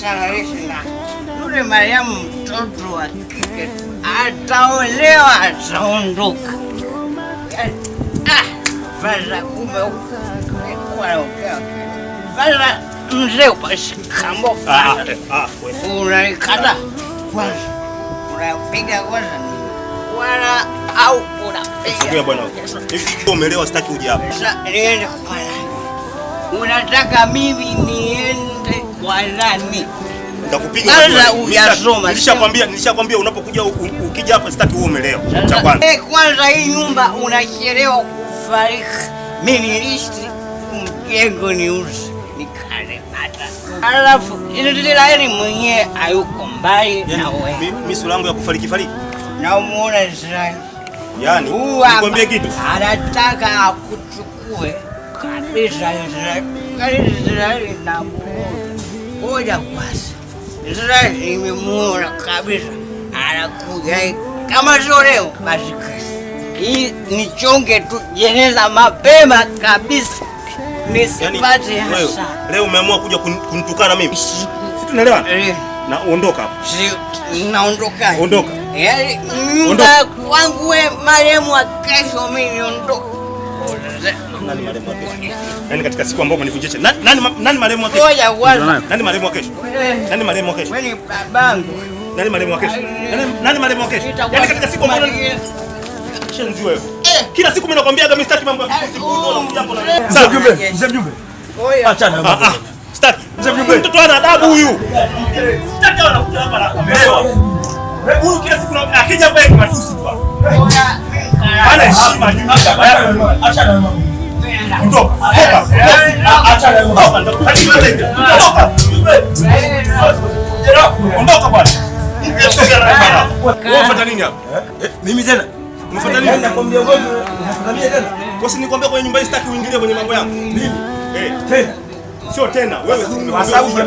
kustaharisha yule Mariamu, mtoto wa kike ataolewa, ataondoka. Fadha kumekuwa fadha mzee, upashikamboka ah, ah, ah, unaikata kwanza, unapiga kwanza wala au unapiga. Umeelewa? Sitaki uje hapa. Unataka mimi ni walani. Nilishakwambia, nilishakwambia unapokuja ukija hapa sitaki uwe umelewa. Cha kwanza. Eh, kwanza hii nyumba unachelewa kufariki. Mimi nilishi mjengo niuze nikale mata. Alafu ile ile mwenyewe hayuko mbali na wewe. Mimi misuli yangu ya kufariki fariki. Na umuona Israeli. Yaani, nikwambie kitu. Anataka akuchukue kabisa Israeli. Israeli na moja kwanza. Sasa nimemuona kabisa anakuja kama sio leo basi hii ni chonge tu jeneza mapema kabisa nisipate yani, hasara. Leo umeamua kuja kunitukana mimi, si tunaelewana? Eh. Na ondoka hapo, si naondoka, ondoka. Yaani mimi kwangu wewe marehemu, kesho mimi niondoka nani marehemu kesho? Yaani katika siku ambayo nani nani marehemu kesho? Nani marehemu kesho? Nani marehemu kesho? Wewe babangu. Nani marehemu kesho? Nani marehemu kesho? Yaani katika siku ambayo shenzi wewe. Eh. Kila siku mimi nakwambia sitaki mambo ya eh, Sasa oh. mjumbe, mzee mjumbe. Achana ah, ah. Sitaki. Mzee mjumbe. Mtoto ana adabu huyu. Sitaki anakuja hapa na akija matusi tu. acha na mambo. Mimi tena kwa sini kwambia kwenye nyumba hii sitaki uingilie kwenye mambo yangu. Mimi. Eh, tena. Sio tena wewe.